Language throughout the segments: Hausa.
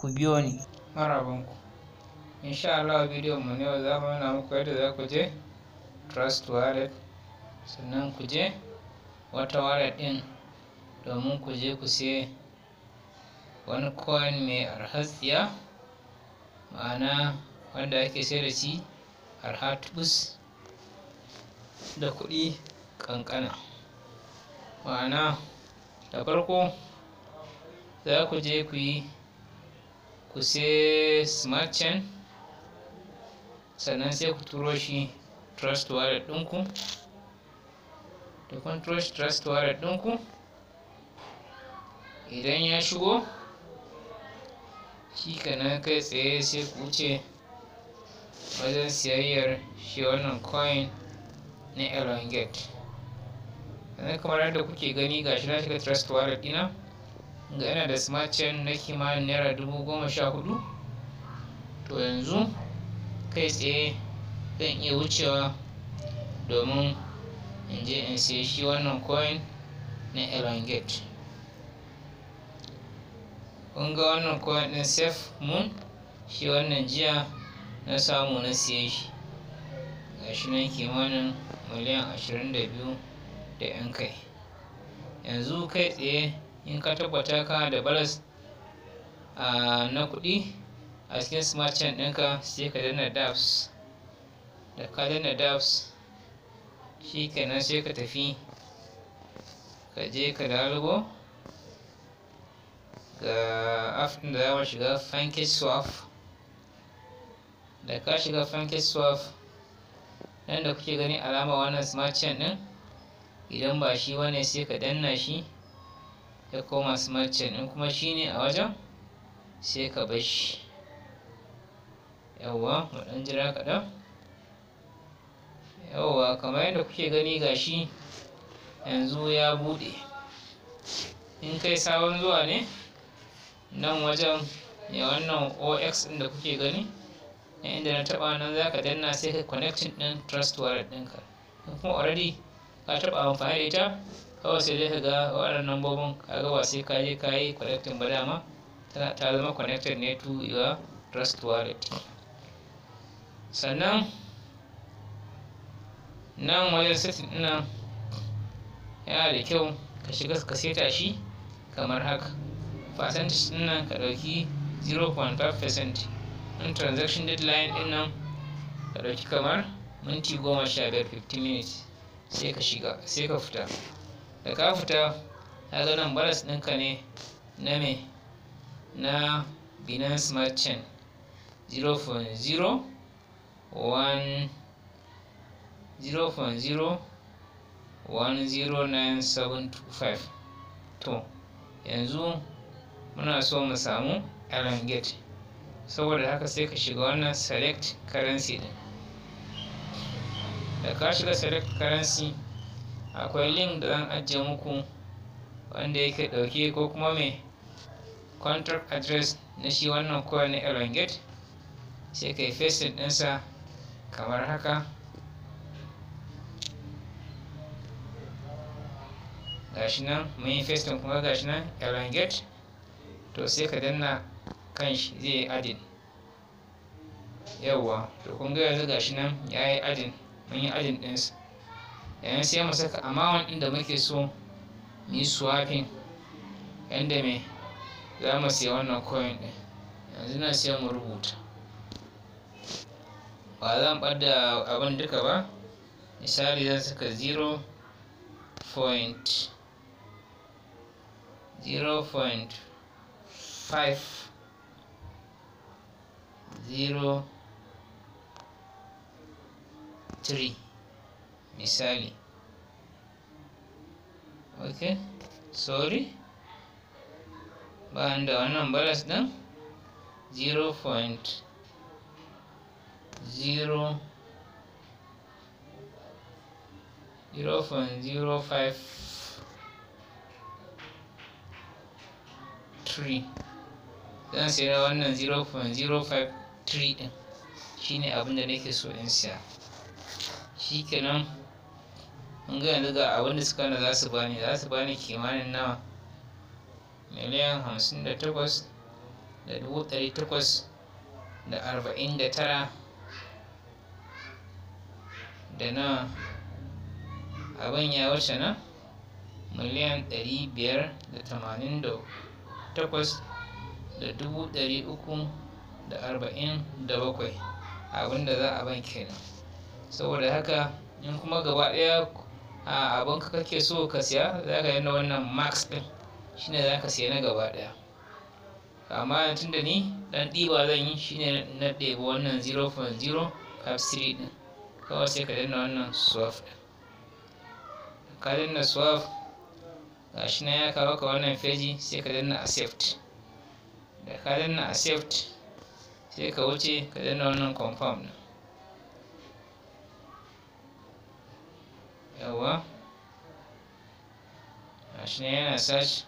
ku biyo ni marabanku insha Allah bidiyon mu ne za mu muku yadda za ku je trust wallet sannan ku je wata wallet din domin ku je ku siye wani coin mai arhasiya ma'ana wanda ake sayar da shi arhatubus da kuɗi kankana ma'ana da farko za ku je ku yi ku sai smart chain sannan sai ku turo shi trust wallet ɗinku da kun turo shi trust wallet ɗinku idan ya shigo shi kenan kai tsaye sai ku wuce wajen siyayyar shi wannan coin na elongate sannan kamar yadda kuke gani gashi na shiga trust wallet ɗina ga yana da smart chain na kimanin naira dubu goma sha hudu to yanzu kai tsaye zan iya wucewa domin in je in siya shi wannan coin na elongate kun ga wannan coin din safe moon shi wannan jiya na samu na siya shi ga shi nan kimanin miliyan ashirin da biyu da yan kai yanzu kai tsaye in ka tabbata ka da balas na kuɗi a cikin smart chain ɗinka sai ka danna dafs da ka danna dafs shi kenan sai ka tafi ka je ka dalugo ga afin da za mu shiga funky swap da ka shiga funky swap nan da kuke gani alama wannan smart chain ɗin idan ba shi wane sai ka danna shi ya koma su chain in kuma shi ne a wajen sai ka bar shi yawwa waɗanda jira kaɗan yawwa kamar yadda kuke gani ga shi. yanzu ya buɗe in kai sabon zuwa ne nan wajen ya wannan ox ɗin da kuke gani na inda na taɓa nan za ka danna sai ka connection ɗin trust wallet ɗinka kuma already ka taɓa amfani da ita kawai sai dai ka ga waɗannan nambobin kaga ba sai ka je ka yi connecting ba dama ta zama connected ne to your trust wallet sannan nan wajen setting ɗin yana da kyau ka shiga ka seta shi kamar haka percentage ɗin nan ka ɗauki 0.5% in transaction deadline ɗin nan ka ɗauki kamar minti goma sha biyar 15 minutes sai ka shiga sai ka fita da ka fita ya zo nan baras ɗinka ne na me na binance merchant chain to yanzu muna so mu samu allen gate saboda haka sai ka shiga wannan select currency din da ka shiga select currency akwai link da zan ajiye muku wanda yake ɗauke ko kuma mai contract address na shi wannan kowa na elongate sai kai facing ɗinsa kamar haka gashi nan mun yi facing kuma gashi nan elongate to sai ka danna kan shi zai yi adin yawwa to kun ga yanzu gashi nan ya yi adin mun yi adin ɗinsa yanzu sai mu saka amawan inda muke so mu yi swapping yanda me za mu siya wannan coin ɗin yanzu na sai mu rubuta ba zan ɓadda abin duka ba misali zan saka 0.0.5 0 3 misali ok sorry bayan da wannan balas ɗin 0.053 zan da wannan 0.053 ɗin shine abinda nake so in siya shikenan in ga yanzu ga abin da suka wanda za su bani za su bani kimanin nawa miliyan hamsin da takwas da dubu ɗari takwas da arba'in da tara da na abin ya wuce na miliyan ɗari biyar da tamanin da takwas da dubu ɗari uku da arba'in da bakwai abin da za a ban kenan saboda haka in kuma gaba ɗaya a abin ka kake so ka siya za ka yi na wannan max ɗin shine za ka siya na gaba ɗaya amma tun da ni ɗan ɗiba zan yi shine na ɗebo wannan 3 din kawai sai ka danna wannan swap din ka danna swap shi na ya kawo ka wannan feji sai ka danna accept da ka danna accept sai ka wuce ka danna wannan confirm din yawa gashi ne yana search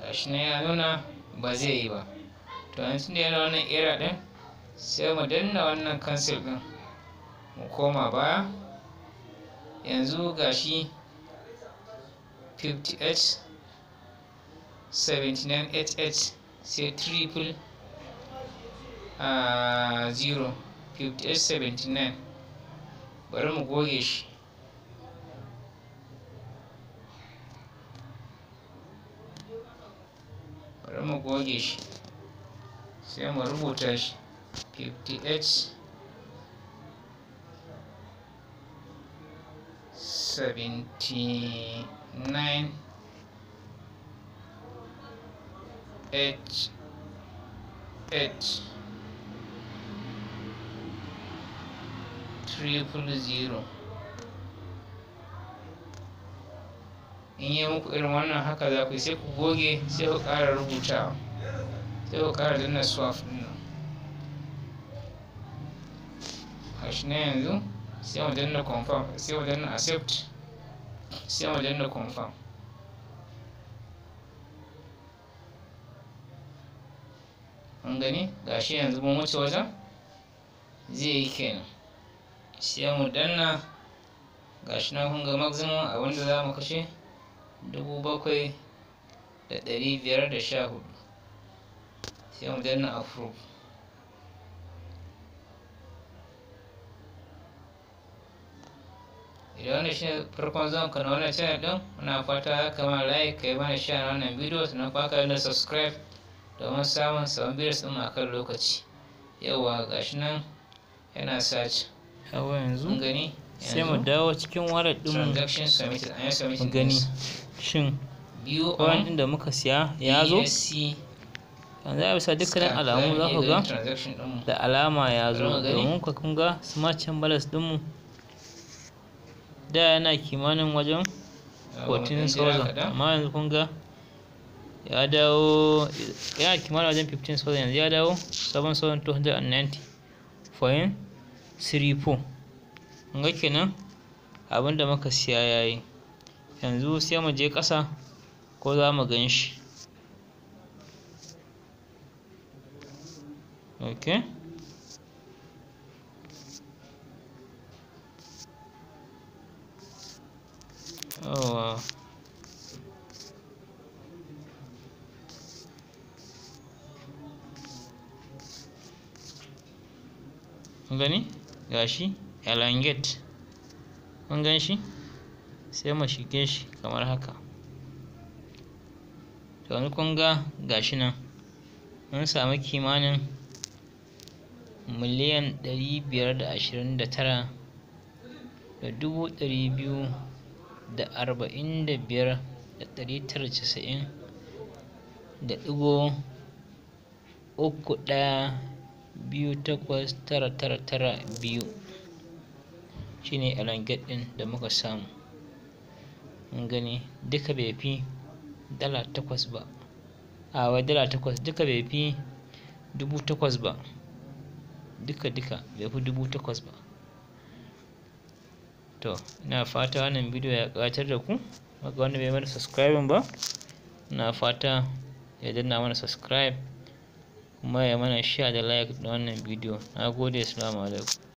gashi ne ya nuna ba zai yi ba to yanzu da yana wannan era din sai mu danna wannan cancel din mu koma baya yanzu gashi 58 79 88 sai triple 0 5879 bari mu goge shi bari mu goge shi sai mu rubuta shi 58 79 8 8 triple zero in yi muku irin wannan haka za ku yi sai ku goge sai ku ƙara rubutawa sai ku ƙara danna swap ɗin nan gashi na yanzu sai mu danna confirm sai mu danna accept sai mu danna confirm an gani gashi yanzu mun wuce wajen zai yi kenan sai mu danna gashi na kun ga maximum abinda za mu kashe dubu bakwai da ɗari biyar da sha hudu sai mu danna approve idan wanda shi farkon zan ka na wannan channel din muna fata kama like kai mana share wannan bidiyo sannan kwaka ka subscribe domin samun samun bidiyos sun akan lokaci yauwa gashi nan yana sace yawa yanzu sai mu dawo cikin warar din eh, mu gani shin coin din da muka siya ya zo yanzu a bisa dukkanin alamu za ku eh, ga da alama ya zo domin ku kun ga smart chain balance dinmu da yana kimanin wajen 14,000 amma yanzu kun ga ya dawo yana kimanin wajen 15,000 yanzu ya dawo 7,290 fahim 34 ga kenan abinda muka siya yayi yanzu sai mu je ƙasa ko za mu gan shi okay oh wow. gani gashi elongate kun gan shi sai mu shige shi kamar haka to ni kun ga gashi nan mun samu kimanin miliyan 529 da dubu ɗari biyu da arba'in da biyar da ɗari tara casa'in da ɗigo uku ɗaya biyu takwas tara tara tara biyu shine alan gate ɗin da muka samu In gani duka bai fi dala takwas ba a wai dala takwas duka bai fi dubu takwas ba duka duka bai fi dubu takwas ba to ina fata wannan bidiyo ya ƙatar da ku maka wanda bai mana subscribing ba ina fata ya danna mana subscribe kuma ya mana share da like da wannan bidiyo na gode salamu alaikum